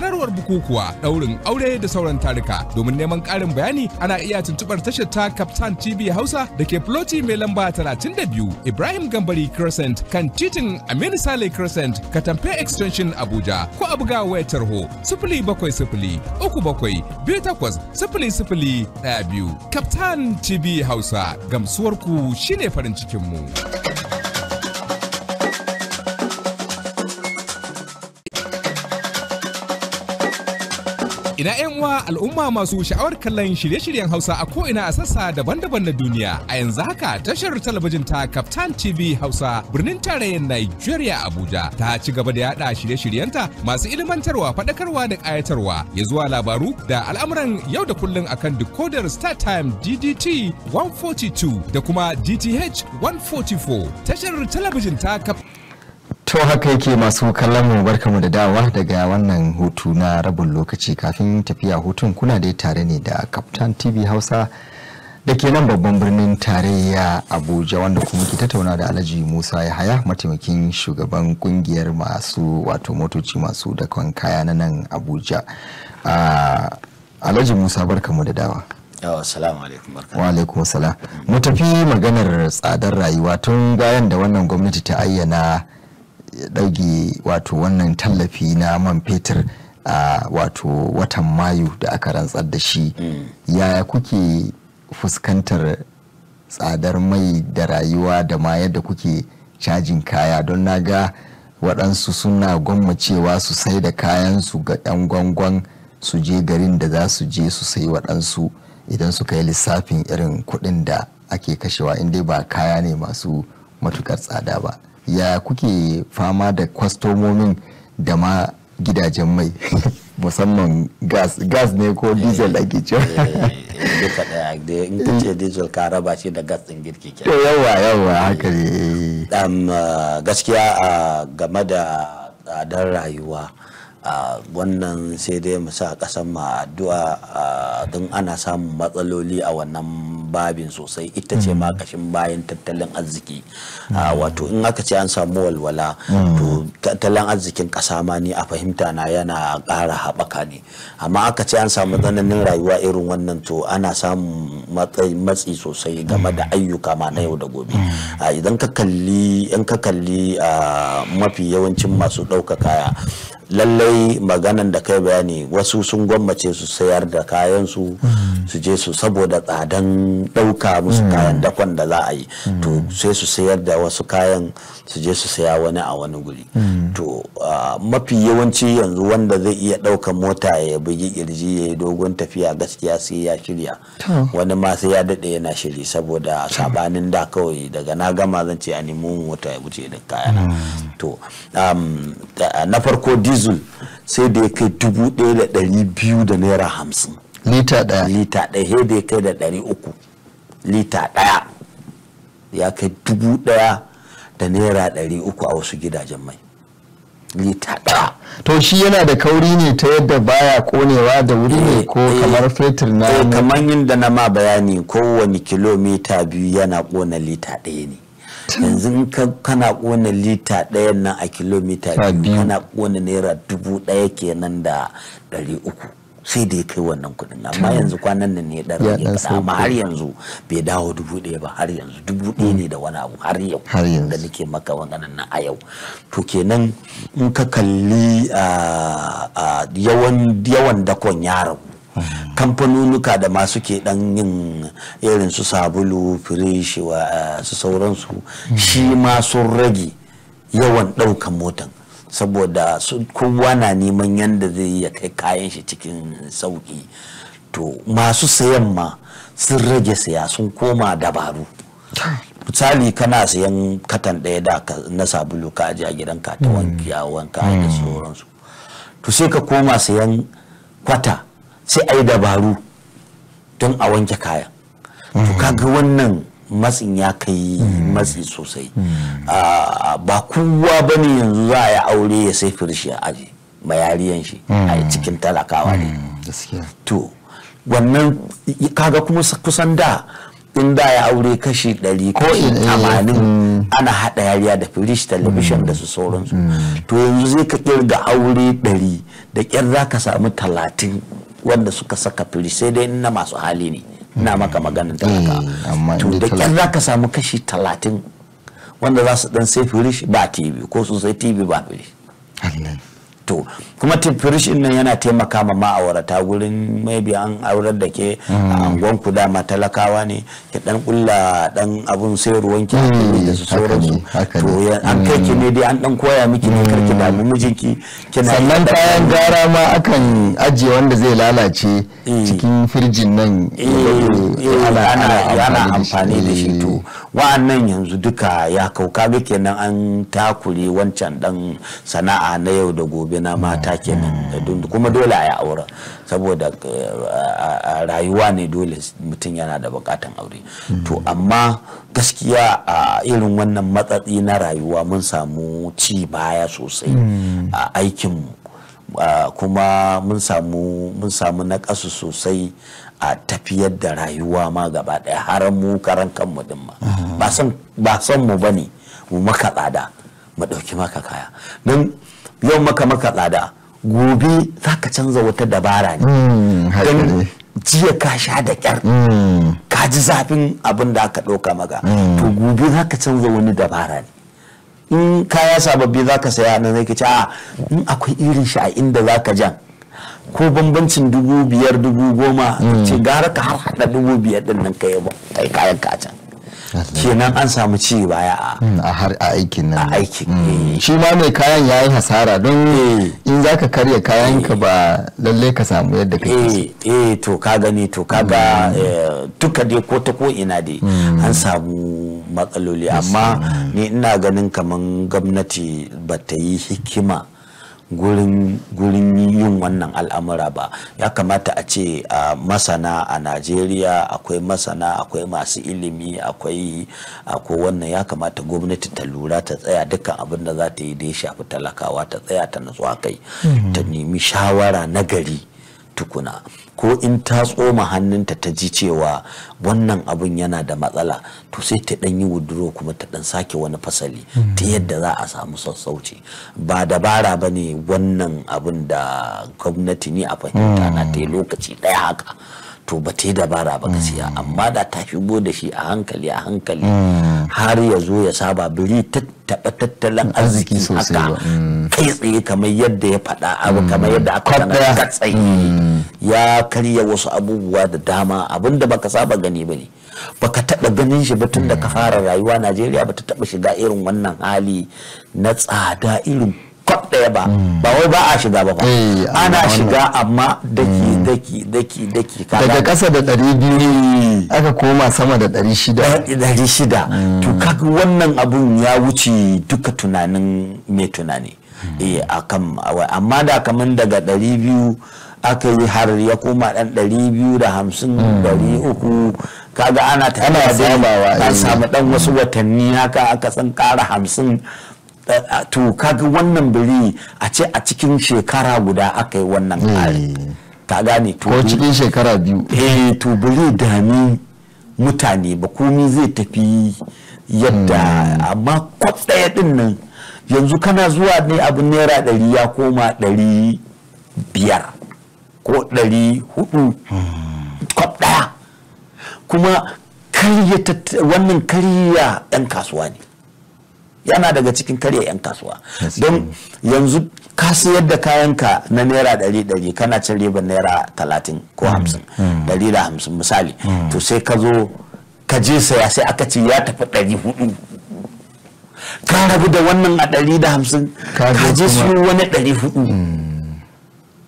sanarwar bukukuwa daurin aure da sauran tarika domin neman karin bayani ana iya tuntubar tashar ta captain tv hausa da ke floti mai lamba 32 ibrahim gambari crescent kan titin aminu sale crescent katamfe extension abuja ko a buga wayar tarho 070 37 ɗaya biyu captain tv hausa gamsuwarku shine farin cikinmu. mu Ina 'yan uwa al'umma masu sha'awar kallon shirye-shiryen Hausa a ko'ina a sassa daban-daban na duniya. A yanzu haka tashar talabijin ta Captain TV Hausa birnin tarayyar Nigeria Abuja ta ci gaba da yada shirye-shiryenta masu ilmantarwa, faɗakarwa da ƙayatarwa ya zuwa labaru da al'amuran yau da kullun akan decoder Star Time DDT 142 da kuma DTH 144. Tashar talabijin ta Captain to haka yake masu kallon mu barkamu da dawa daga wannan hutu na rabin lokaci kafin tafiya hutun kuna dai tare ne da captain tv hausa da ke nan babban birnin tarayya abuja wanda kuma ke tattauna da alhaji musa yahaya mataimakin shugaban kungiyar masu wato motoci masu dakon kaya na nan abuja ah, alhaji musa barkamu da dawa wa alaikum salam mu tafi maganar tsadar rayuwa tun bayan da wannan gwamnati ta ayyana ɗage wato wannan tallafi na man fetur a wato watan mayu da aka rantsar da shi mm. yaya kuke fuskantar tsadar mai da rayuwa da ma yadda kuke cajin kaya don na ga waɗansu suna gwammacewa su sai da kayansu ga 'yan gwangwan su je garin da za su je su sai waɗansu idan suka yi lissafin irin kuɗin da ake kashewa in dai ba kaya ne masu matukar tsada ba ya kuke fama da kwastomomin da ma gidajen mai musamman gas gas ne ko diesel ake cewa eh, eh, duka daya in ta ce diesel ka raba shi da gas din girki ke yawa yawa haka ne eh, gaskiya a game da tsadar rayuwa wannan sai dai mu sa kasan ma addu'a don ana samun matsaloli a wannan babin sosai ita ce ma hmm. kashin bayan tattalin arziki ah, wato in aka ce an samu walwala hmm. to tattalin arzikin ƙasa ma ni a fahimta na yana ƙara haɓaka ne amma aka ce an samu tsananin rayuwa irin wannan to ana samun matsi sosai game da hmm. ayyuka ma na yau da gobe ah, idan ka kalli in ka kalli ah, mafi yawancin masu ɗauka kaya lallai maganan da kai bayani wasu sun gwammace su sayar da kayan su su je su saboda tsadan dauka musu mm. kayan dakon da za a yi mm. to sai su sayar da wasu kayan su je su saya wani a wani guri mm. to mafi yawanci yanzu wanda zai iya ɗauka mota ya bugi kirji ya yi dogon tafiya gaskiya sai ya shirya wani ma sai ya dade yana shiri saboda sabanin da kawai daga na gama zan ce a nemo mota ya wuce da kayana to na farko diesel diesel sai da ya kai dubu ɗaya da ɗari biyu da naira hamsin lita ɗaya lita ɗaya sai da ya kai da ɗari uku lita ɗaya ya kai dubu ɗaya da naira ɗari uku a wasu gidajen mai lita ɗaya to shi yana da kauri ne ta yadda baya konewa da wuri ne eh, ko eh, kamar fetur na eh, kamar yadda na ma bayani kowane kilomita biyu yana kona lita ɗaya ne yanzu kana kona lita ɗaya nan a kilomita biyu kana kona naira dubu ɗaya kenan da ɗari uku sai da ya kai wannan kuɗin amma yanzu kwanan nan ne ɗan rage amma har yanzu bai dawo dubu ɗaya ba har yanzu dubu ɗaya ne mm. da wani abu har yau da nake maka wannan nan a yau to kenan in ka kalli ah, ah, yawan dakon ya ragu kamfanonuka da masu ke dan yin irin su sabulu firishi wa eh, su sauransu shi ma sun rage yawan ɗaukan motan saboda kowa na neman yadda zai ya kai kayan shi cikin sauƙi to masu sayan ma sun rage saya sun koma dabaru misali kana sayan katan ɗaya da na sabulu ka aje a gidanka ta wanki a wanka da mm. sauransu to sai ka koma sayan kwata sai a dabaru don a wanke kaya to kaga wannan matsin ya kai matsi sosai hmm. ah, ba kowa ba ne yanzu za a yi aure ya sai firshi a aji mayariyan shi a hmm. cikin talakawa ne hmm, to wannan kaga kuma kusan da in da ya aure kashi ɗari kashi tamanin ana haɗa yariya da firish talabishin da su sauransu to yanzu zai ka kirga aure ɗari da ƙyar za ka samu talatin wanda suka saka firish sai dai na masu hali ne na maka maganin mm, talaka to da kyar za ka samu kashi talatin wanda za su dan sai firish ba tv ko sun sai tv ba firish to kuma tifirish din nan yana taimaka ma ma'aurata gurin maybe an aurar da ke a mm. angon ku da talakawa ne ki dan kulla dan abun sai ruwan ki mm. da su su to an kai ki mm. ne dai an dan koya miki ne karki damu mijinki kina sannan kayan gara ma akan ajiye wanda zai lalace eh. cikin firjin nan eh, eh, ana amfani da shi to wa'annan yanzu duka ya kauka ga kenan an takure wancan dan sana'a na yau da gobe na mata kenan kuma dole a yi aure saboda eh, rayuwa ne dole mutum yana da bukatan aure to amma gaskiya a irin wannan matsatsi na rayuwa mun samu ci baya sosai hmm. a aikinmu kuma mun samu mun samu naƙasu sosai a tafiyar da rayuwa ma gaba ɗaya har mu karan kanmu din ma ba san mu bane mu maka tsada mu ɗauki maka kaya don yau maka maka tsada gobe za ka canza wata dabara ne mm, don jiya ka sha da kyar mm. ka ji zafin abin da aka ɗauka maka mm. to gobe za ka canza wani dabara ne in kaya sababbi za ka saya na zai ce a in akwai irin shi a inda za ka jan ko bambancin dubu biyar dubu goma ce gara ka har haɗa dubu biyar ɗin nan ka yi kayan ka kenan an samu ci baya a hmm, har a aikin nan aikin hmm. eh. shi ma mai kayan ya yi hasara don eh. in zaka karya kayan ka eh. ba lalle ka samu yadda ka yi eh to ka gani to ka ga hmm. duka dai ko ta ko ina dai an samu matsaloli amma ni ina ganin kaman gwamnati ba ta yi hikima gurin yin wannan al'amura ba ya kamata a ce a masana a najeriya akwai masana akwai masu ilimi akwai ko wannan ya kamata gwamnati ta lura ta tsaya dukkan abin da za ta yi da ya shafi talakawa ta tsaya ta natsuwa kai mm-hmm. ta nemi shawara nagari tukuna ko in ta tsoma hannunta ta ji cewa wannan abun yana da matsala to sai ta ɗan yi wuduro kuma ta ɗan sake wani fasali ta hmm. yadda za a samu sassauci ba dabara bane wannan abun da gwamnati ne a fahimta na ta hmm. lokaci ɗaya haka to ba ta yi dabara ba gaskiya hmm. amma da ta shigo da shi a hankali a hankali har ya zo ya saba biri taɓa tattalin arziki haka mm. kai tsaye kamar yadda ya faɗa abu mm. kamar yadda aka faɗa tsaye mm. ya karya wasu abubuwa da dama abinda baka saba gani ba ne baka taɓa ganin shi ba tun da ka fara rayuwa najeriya ba ta taɓa shiga irin wannan hali na tsada irin kwat ɗaya ba ba wai ba a shiga ba eh, ana shiga amma daki hmm. daki daki daki daga ƙasa da ɗari biyu eh. aka koma sama da ɗari shida eh, ɗari shida hmm. to kaga wannan abun ya wuce duka tunanin mai tunani hmm. eh akan amma da kaman daga ɗari biyu aka yi har ya koma ɗan ɗari biyu da hamsin ɗari uku kaga ana ta ana samu ɗan wasu watanni haka aka san ƙara hamsin Eh, ah, to kaga wannan biri a ce a cikin shekara guda aka yi wannan eh. kare ta gane to cikin shekara biyu eh to biri ni mutane ba komi zai tafi yadda hmm. amma kwats din nan yanzu kana zuwa ne abu naira ɗari ya koma ɗari biyar ko ɗari hudu hmm. kwab ɗaya kuma wannan karya ɗan kasuwa ne yana daga cikin karya 'yan kasuwa don yanzu ka sayar da kayanka na naira ɗari ɗari kana cin ribar naira talatin ko mm. hamsin mm. ɗari da hamsin misali mm. to sai ka zo ka je saya sai aka ce ya tafi ɗari hudu ka rabu da wannan a ɗari da hamsin ka je su wani ɗari hudu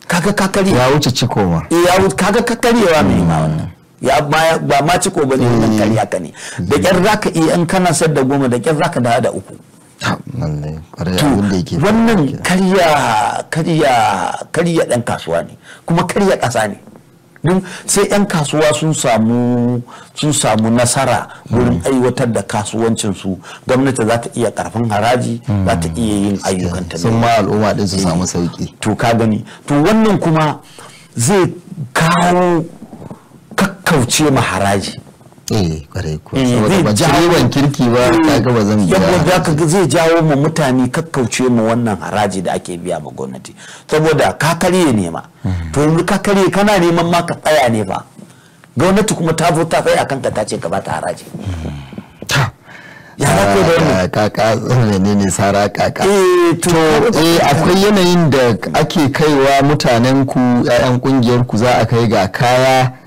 kaga ka ya wuce cikowa eh, ya wuce kaga ka karyewa mai ma wannan ya ba ma ciko ba ne wannan kari haka ne da kyar zaka iya in kana sayar da goma da kyar zaka da da uku wannan karya karya karya dan kasuwa ne kuma karya kasa ne don sai 'yan kasuwa sun samu sun samu nasara wurin hmm. aiwatar da kasuwancinsu gwamnati za ta iya karfin haraji hmm. za ta iya yin ayyukan ta sun ma al'umma din su samu eh, sauki to ka gani to wannan kuma zai kawo kauce ma haraji eh kwarai ko eh, saboda ba cirewan kirki ba mm. kaga ba zan biya saboda ka zai jawo ma mutane kakkauce ma wannan haraji da ake biya ma gwamnati saboda ka karye ne ma mm. to yanzu ka karye kana neman ma ka tsaya ne ba gwamnati kuma ta zo ta tsaya kanka ta ce ka ba ta haraji mm. kaka ne eh, ne sara kaka to eh, akwai yanayin da ake kaiwa mutanen ku 'ya'yan kungiyar ku za a kai ga kaya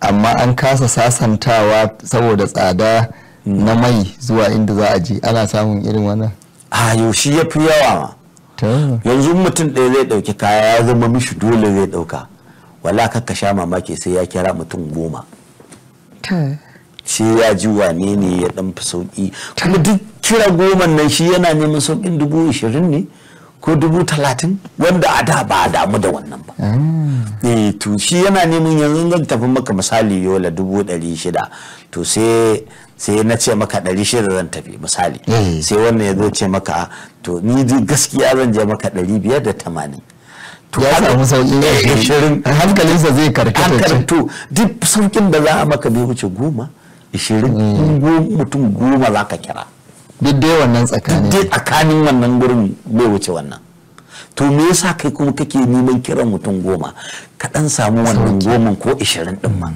amma an kasa sasantawa saboda tsada na mai zuwa inda za a je ana samun irin wannan a yaushe ya fi yawa yanzu mutum ɗaya zai ɗauki kaya ya zama mishi dole zai ɗauka wala ka sha mamaki sai ya kira mutum goma sai ya ji wane ne ya ɗan fi sauƙi kuma duk kira goma nan shi yana neman sauƙin dubu ishirin ne ko dubu talatin wanda a da ba a damu da wannan ba ah. eh to shi yana neman yanzu zan tafi maka misali yola dubu ɗari shida to sai sai na ce maka ɗari shida zan tafi misali eh. sai wannan ya zo ce maka to ni gaskiya zan je maka ɗari biyar da tamanin to ya samu sauƙi ne eh, shirin hankalinsa zai karkata to duk sauƙin da za a maka bai wuce goma ishirin eh. mutum goma za ka kira duk dai wannan tsakanin duk tsakanin wannan gurin bai wuce wannan to me yasa kai kuma kake neman kiran mutum goma ka dan samu wannan goma ko ishirin din ma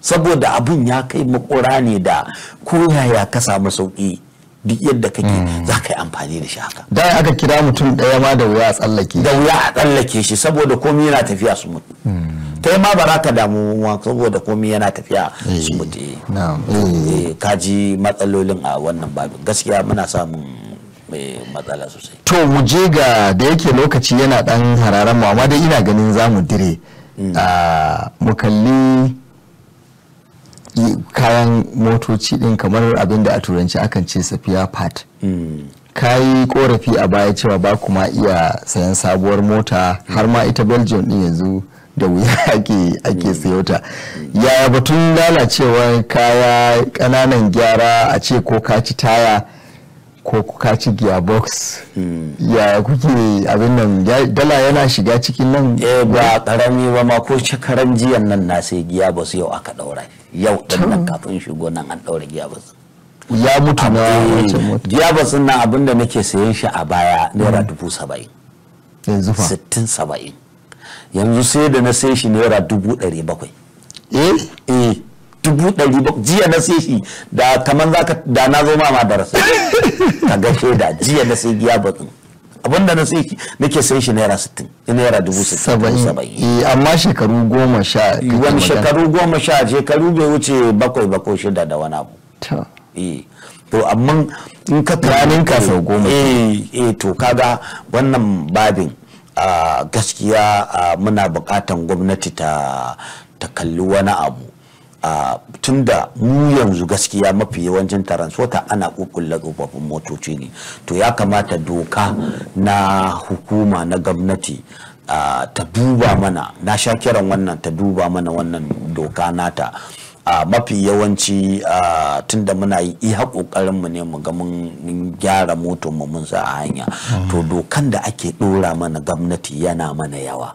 saboda abun ya kai makora ne da ko yaya ka samu sauki duk yadda kake hmm. za ka amfani da shi haka da aka kira mutum daya ma da wuya a tsallake da wuya a tsallake shi saboda komai yana tafiya su mutu hmm. kai ma ba za ka damu saboda komi yana tafiya su mutu kaji matsalolin a wannan babu gaskiya muna samun eh, matsala sosai. To mu je ga da yake lokaci yana dan hararen mu amma dai ina ganin za mu dire. Mm. Ah, mu kalli kayan motoci din kamar abin da a turanci akan ce safiya part. Mm. kayi korafi a baya cewa ba kuma iya sayan sabuwar mota har ma ita belgium din yanzu da wuya ake ake mm. siyota mm. ya batun lalacewa kaya kananan gyara a ce ko ka ci taya ko ka ci gearbox mm. ya kuke abin nan dala yana shiga cikin nan eh, ba karami ba ma ko shekaran jiyan nan na sai gearbox yau aka daura yau din nan kafin shigo nan an daura gearbox ya mutu na wancan gearbox nan nake sayan shi a baya naira dubu saba'in yanzu fa sittin saba'in yanzu sai da na sai shi naira dubu ɗari bakwai eh eh dubu ɗari bakwai jiya na sai shi da kamar za ka da na zo ma darasa ka ga shaida jiya na sai giya batun abinda na sai nake sai shi naira sittin naira dubu sittin. saba'in eh, amma shekaru goma sha eh, wani shekaru goma sha shekaru bai wuce bakwai bakwai shida da wani abu eh, to amma in ka tunanin ka sau goma eh to kaga wannan babin a gaskiya muna bukatan gwamnati ta kalli wani abu tun da mu yanzu gaskiya mafi yawancin taransota ana kukulla tsofaffin motoci ne to ya kamata doka na hukuma na gwamnati ta duba mana na sha kiran wannan ta duba mana wannan doka nata a mafi yawanci tun da muna yi iya mu ne mu ga mun gyara motar mu mun sa a hanya to mm-hmm. dokan da ake ɗora mana gwamnati yana mana yawa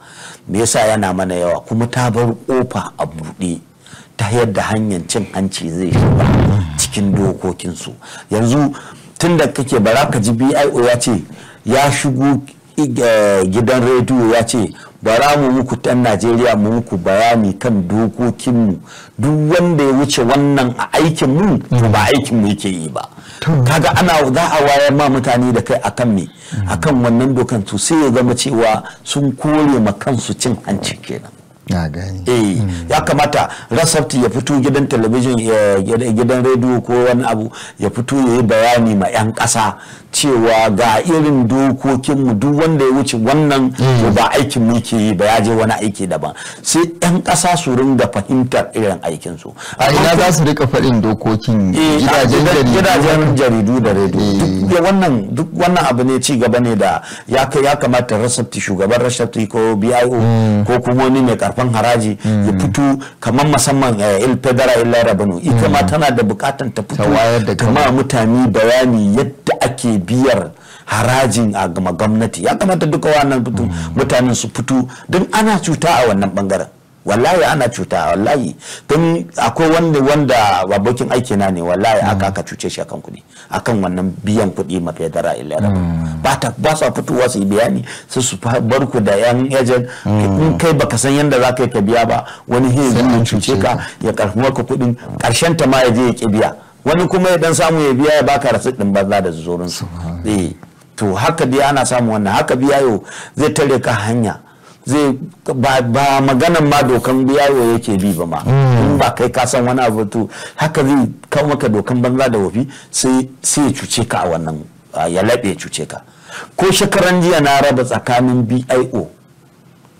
me yasa yana mana yawa kuma ta bar ƙofa a buɗe ta yadda hanyar cin hanci zai shiga mm-hmm. cikin dokokinsu yanzu tun da kake bara ka ji bio ya ce ya shigo Eh, gidan rediyo ya ce bara mu muku ɗan najeriya mu muku bayani kan dokokinmu duk wanda ya wuce wannan a aikinmu mu ba aikin mu yake yi ba kaga ana za a wayar ma mutane da kai akan me mm. akan wannan dokan to sai ya zama cewa sun kore ma kansu cin hanci kenan eh hmm. ya kamata rasafti ya fito gidan talabijin gidan rediyo ko wani abu ya fito ya yi bayani ma 'yan kasa cewa ga irin dokokinmu duk wanda ya wuce wannan hmm. to ba aikin mu ke yi ba ya je wani aiki daban sai 'yan kasa su ringa fahimtar irin aikin su. a ina za su rika faɗin dokokin eh, gidajen jaridu da rediyo eh. wannan duk wannan abu ne ci gaba ne da ya kamata rasafti shugaban rasafti ko bio hmm. ko kuma wani mai karfan haraji ya mm. fito kamar musamman il eh, federa il rabanu ita ma mm. tana da bukatan ta fito kama mutane bayani yadda ake biyar harajin a gama gwamnati ya kamata duka wannan mm. mutanen su fito don ana cuta a wannan bangaren wallahi ana cuta wallahi tun akwai wanda wanda abokin aiki na ne wallahi hmm. aka aka cuce shi akan kuɗi akan wannan biyan kuɗi mafedara mm. ba ta ba sa fitowa su yi bayani su su bar ku da yan ejen hmm. in kai baka san yanda za ka yi ka biya ba wani hin ya cuce ka ya karfi maka kuɗin karshen ta ma ya je ya ki biya wani kuma ya dan samu ya biya ya baka rasu din banza da zuzorin su eh, to haka dai ana samu wannan haka biya yau zai tare ka hanya zai ba, maganan ma dokan yayo yake bi ba ma hmm. in ba kai ka san wani abu to haka zai kawo maka dokan banza da wafi sai ya cuce ka a wannan ya laɓe ya cuce ka ko shekaran jiya na raba tsakanin bio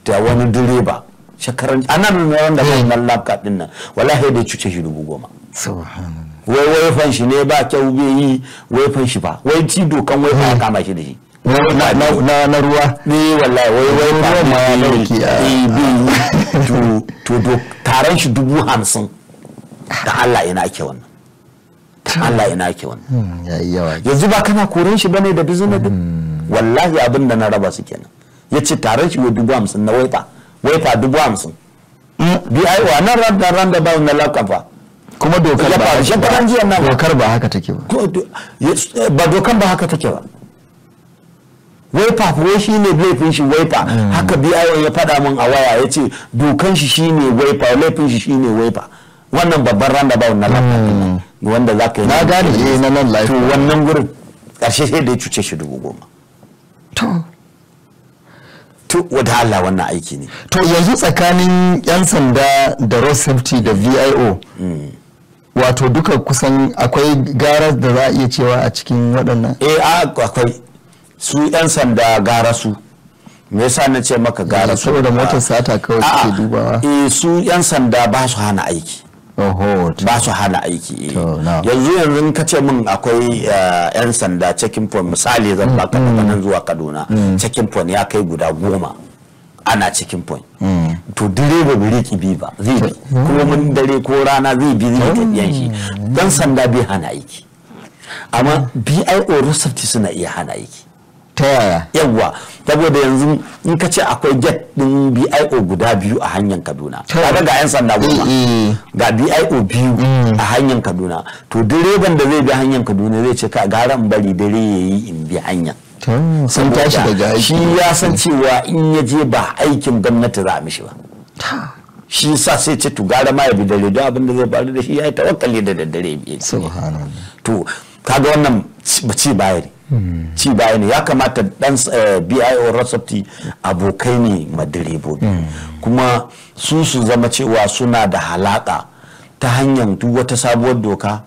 da wani direba shekaran ana ne wanda ba nan laka din nan wallahi bai cuce shi dubu goma wai wai fanshi ne ba kyau bai yi wai fanshi ba wai ci dokan wai ba kama shi da shi na ruwa ne wallahi wai wai ba ma ya a ah. eh, to to taron shi dubu hamsin da Allah ina ake wannan Allah ina ake wannan hmm, yanzu ba kana koren shi bane da bizina din hmm. wallahi abin da na raba su kenan yace taron shi dubu hamsin na waifa waifa dubu hamsin bi ai nan ran da ran da ba na lakafa kuma dokar ba dokar ba haka take ba ba dokar ba haka take ba waifa wai shi ne laifin shi waifa mm. haka biyawan ya faɗa min a waya ya ce dokan shi shi ne waifa laifin shi shi ne waifa wannan babban randa ba wannan lafiya wanda za ka yi na gane ne eh, na nan laifin to wannan gurin ƙarshe sai da ya cuce shi dubu goma to to wata Allah wannan aiki ne to yanzu tsakanin yan sanda da road safety da VIO mm. wato duka kusan akwai gara da za a iya cewa a cikin waɗannan eh akwai su yan sanda gara su me yasa na ce maka gara su saboda motar sata kawai suke dubawa eh su yan sanda ba su hana aiki ba su hana aiki eh. yanzu yanzu ka ce min akwai eh, yan sanda checking point misali zan mm, baka daga mm. nan zuwa kaduna mm. checking point ya kai guda goma ana cikin point to direba bai riki bi ba zai bi kuma mun dare ko rana zai bi zai tafiyan shi dan sanda bai hana aiki amma bio safety suna iya hana aiki ta yaya yawwa saboda yanzu in ka ce akwai jet din bio guda biyu a hanyar kaduna kaga ga yan sanda goma eh, eh. ga bio biyu mm. a hanyar kaduna to direban da zai bi hanyar kaduna zai ce ka garan bari dare yayi in bi hanyar sun tashi daga shi ya san cewa in ya je ba aikin gwamnati za a mishi ba shi sa sai ce to gara ma ya bi dare don abin da zai faru da shi ya yi tawakkali da daddare biyu to kaga wannan ci ce bayani ci baya ne ya kamata dan eh, bio recipe abokai ne ma direbobi hmm. kuma su su zama cewa suna da halaka ta hanyar duk wata sabuwar doka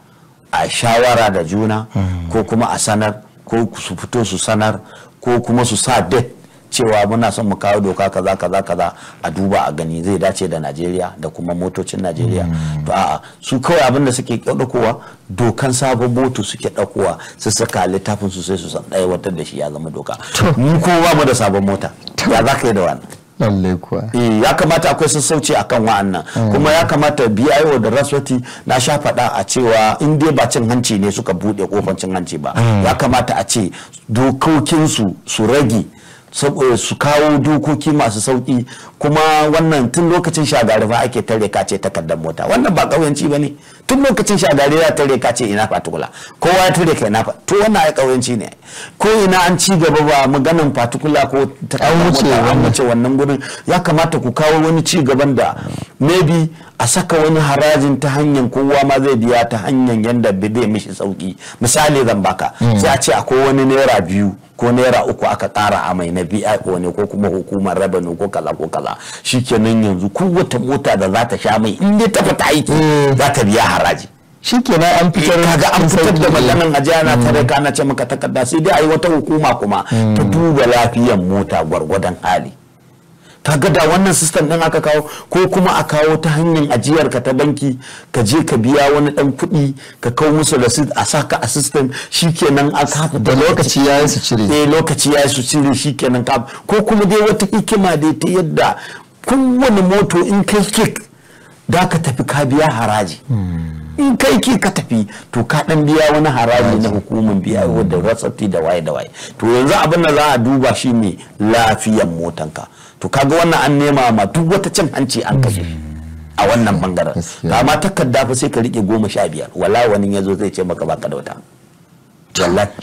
a shawara da juna hmm. ko kuma a sanar ko su fito su sanar ko kuma su sa date cewa muna son mu kawo doka kaza kaza kaza a duba a gani zai dace da Najeriya da kuma motocin Najeriya mm. to a'a su kawai abin da suke daukowa dokan sabon moto suke daukowa su saka littafin su sai su san wata da shi ya zama doka mu ko ba mu da sabon mota ya za ka yi da wannan eh, ya kamata akwai sassauci kan wa'annan mm. kuma ya kamata biyo da raswati na sha faɗa a cewa in dai ba cin hanci ne suka buɗe kofar cin hanci ba mm. ya kamata a ce dokokinsu su rage su kawo dokoki masu sauki kuma wannan tun lokacin shagari ba ake tare kace takardar mota wannan ba kauyanci ba ne tun lokacin shagari ya tare kace ina fatukula kowa ya tare kai na to wannan ai kauyanci ne ko ina an ci gaba ba maganan fatukula ko takardar mota an wuce wannan gurin ya kamata ku kawo wani ci gaban da maybe a saka wani harajin ta hanyar kowa ma zai biya ta hanyar yanda bai mishi sauki misali zan baka mm. sai a ce akwai wani naira biyu ko naira uku aka ƙara a mai na bio ne ko kuma hukumar rabanu ko kaza ko kaza shikenan yanzu kowace mota da za ta sha mai in dai ta fita aiki mm. za ta biya haraji shikenan an fitar eh, ga an fitar da mallamin ajiya na tare mm. ka na ce maka takarda sai dai yi wata hukuma kuma ta mm. duba lafiyar mota gwargwadon hali ta gada wannan system din aka kawo ko kuma a kawo ta hanyar ajiyar ka ta banki ka je ka biya wani dan kuɗi ka kawo musu da a sa ka a system shikenan a kafa da lokaci yi su cire eh lokaci yi su cire shikenan kafa ko kuma dai wata hikima dai ta yadda kowane moto in kai kick da ka tafi ka biya haraji hmm. in kai ki ka tafi to ka ɗan biya wani haraji na hukumar biya da rasati da waye da waye to yanzu abin da za a duba shi shine lafiyar motanka to kaga wannan an nema ma duk wata cin hanci an kashe a wannan mm. bangaren amma takarda fa sai ka rike goma sha biyar wala wani ya zo zai ce maka baka da wata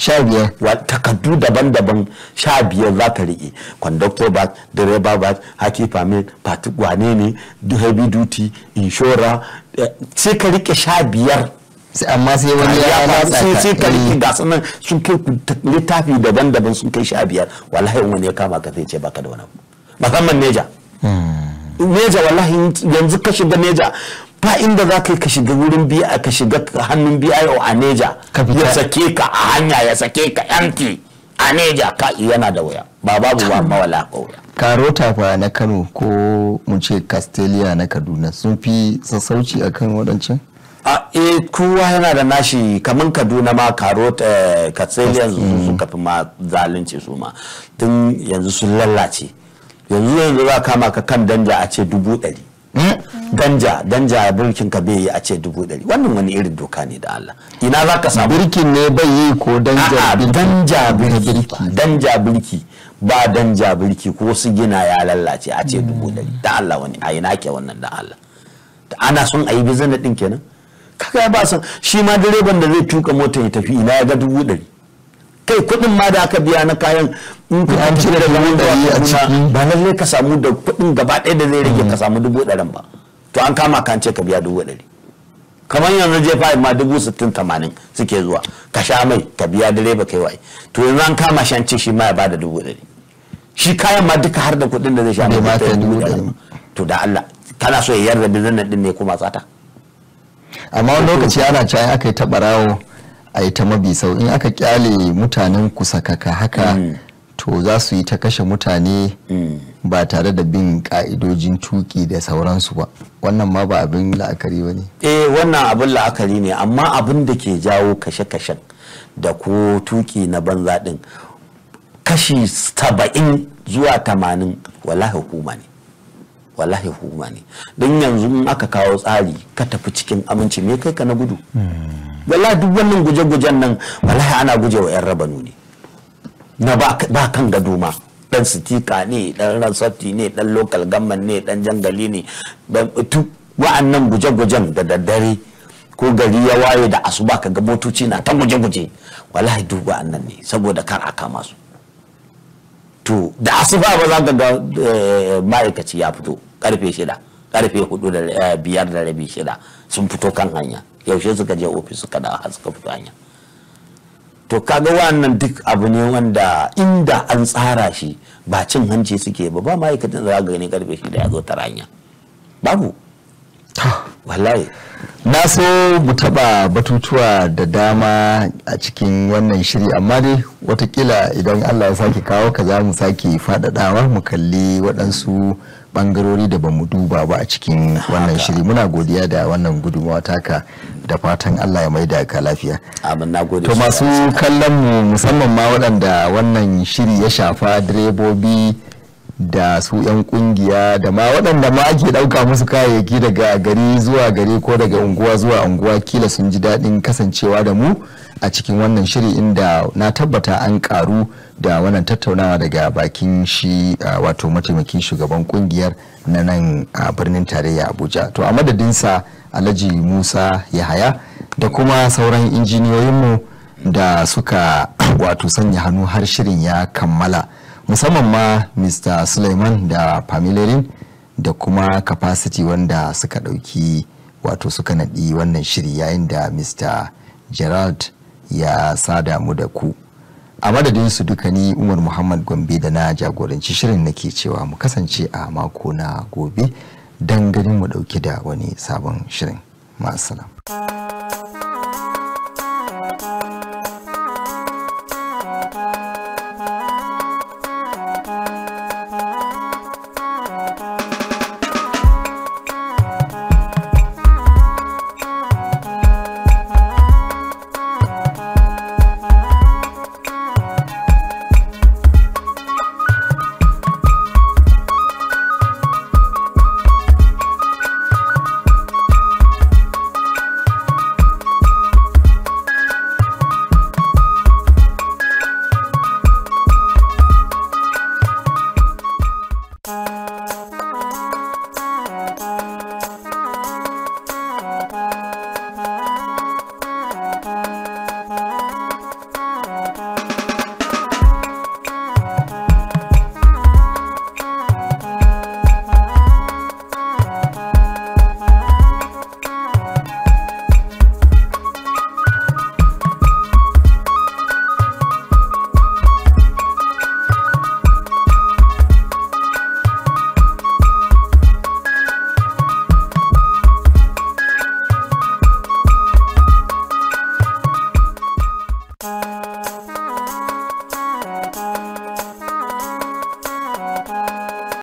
sha biyar takardu daban-daban sha biyar za ka rike conductor ba direba ba haki famin fati gwane ne heavy duty inshora eh, sai ka rike sha biyar amma sai wani ya latsa sai ka rike mm. ga sanan sun kai littafi daban-daban sun kai sha biyar wallahi wani ya kama ka zai ce baka da wani musamman neja neja wallahi yanzu ka shiga neja ba inda za ka yi ka shiga wurin biya ka shiga hannun biyo a neja ya sake ka a hanya ya sake ka yanki a neja ka yana da wuya ba babu ba mawala ko wuya karota fa na kano ko mu ce castelia na kaduna sun fi sassauci a kan waɗancan a e kowa yana da nashi kamar kaduna ma karot eh, castelia mm. su suka fi ma zalunci su ma tun yanzu sun lalace. yanzu yanzu za kama ka kan danja a ce dubu ɗari hmm? danja danja birkin ka bai yi a ce dubu ɗari wannan wani irin doka ne da Allah ina za ka samu birkin ne bai yi ko danja danja birki danja birki ba danja birki ko su gina ya lallace a ce dubu ɗari da Allah wani a ina ke wannan da Allah ana son a yi bizina ɗin kenan kaga ba san shi ma direban da zai tuka motar ya tafi ina ya ga dubu ɗari kai kuɗin ma da aka biya na kayan in ka an cire dubu a ciki ba lallai ka samu da kuɗin gaba ɗaya da zai rage mm. ka samu dubu ɗarin ba to an kama ka an ce ka biya dubu ɗari kamar yanzu je fa ma dubu sittin tamanin suke zuwa ka sha mai ka biya direba kai waye to yanzu an kama shi an ce shi ma ya bada dubu ɗari shi kayan ma duka har da kuɗin da zai sha mai ba ta dubu ɗari to da Allah kana so ya yarda bizin din ne kuma tsata amma wani lokaci ana cewa aka yi ta a yi ta mabi sau in aka kyale mutanen kusa kaka haka mm. to za su yi ta kashe mutane mm. ba tare da bin ka'idojin tuki da sauransu ba wannan ma ba abin la'akari ba ne eh wannan abin la'akari ne amma abin da ke jawo kashe kashe da ko tuki na banza din kashi saba'in zuwa tamanin wallahi hukuma ne wallahi hukuma ne don yanzu in aka kawo tsari ka tafi cikin aminci me kai ka na gudu hmm. wallahi duk wannan guje-gujen nan wallahi ana guje wa 'yan rabanu ne na ba kan gado ma dan sitika ne dan ransati ne dan local gamman ne dan jangali ne dan tu wa'annan guje-gujen da daddare ko gari ya waye da asuba ga motoci na ta guje-guje wallahi duk wa'annan ne saboda kar a kama su to da asuba ba za ka ga eh, ma'aikaci ya fito karfe shida karfe hudu da eh, biyar da rabi shida sun fito kan hanya yaushe suka je ofis suka da suka fito hanya to kaga wannan duk abu ne wanda inda an tsara shi ba cin hanci suke ba ba ma'aikatan za ga gani karfe shi da ya zo ta ranya babu wallahi na so mu taba batutuwa da dama a cikin wannan shiri amma dai watakila idan allah ya sake kawo ka za mu sake faɗaɗawa mu kalli waɗansu bangarori da bamu duba ba a cikin wannan shiri muna godiya da wannan gudunmawa taka da fatan Allah ya maida ka lafiya to masu kallon mu musamman ma waɗanda wannan shiri ya shafa direbobi da su 'yan kungiya da ma waɗanda ma ake ɗauka musu kayayyaki daga gari zuwa gari ko daga unguwa zuwa unguwa kila sun ji daɗin kasancewa da mu a cikin wannan shiri inda na tabbata an ƙaru da wannan tattaunawa daga bakin shi wato mataimakin shugaban kungiyar na nan a birnin tarayya abuja to a madadinsa alhaji musa yahaya da kuma sauran injiniyoyinmu da suka wato sanya hannu har shirin ya kammala. musamman ma mr suleiman da familiarin da kuma capacity wanda suka dauki wato suka nadi wannan shiri yayin da mr gerald ya sada mu da ku a madadin su duka ni umar muhammad gombe da na jagoranci shirin nake cewa mu kasance a mako na gobe don ganin mu dauki da wani sabon shirin masu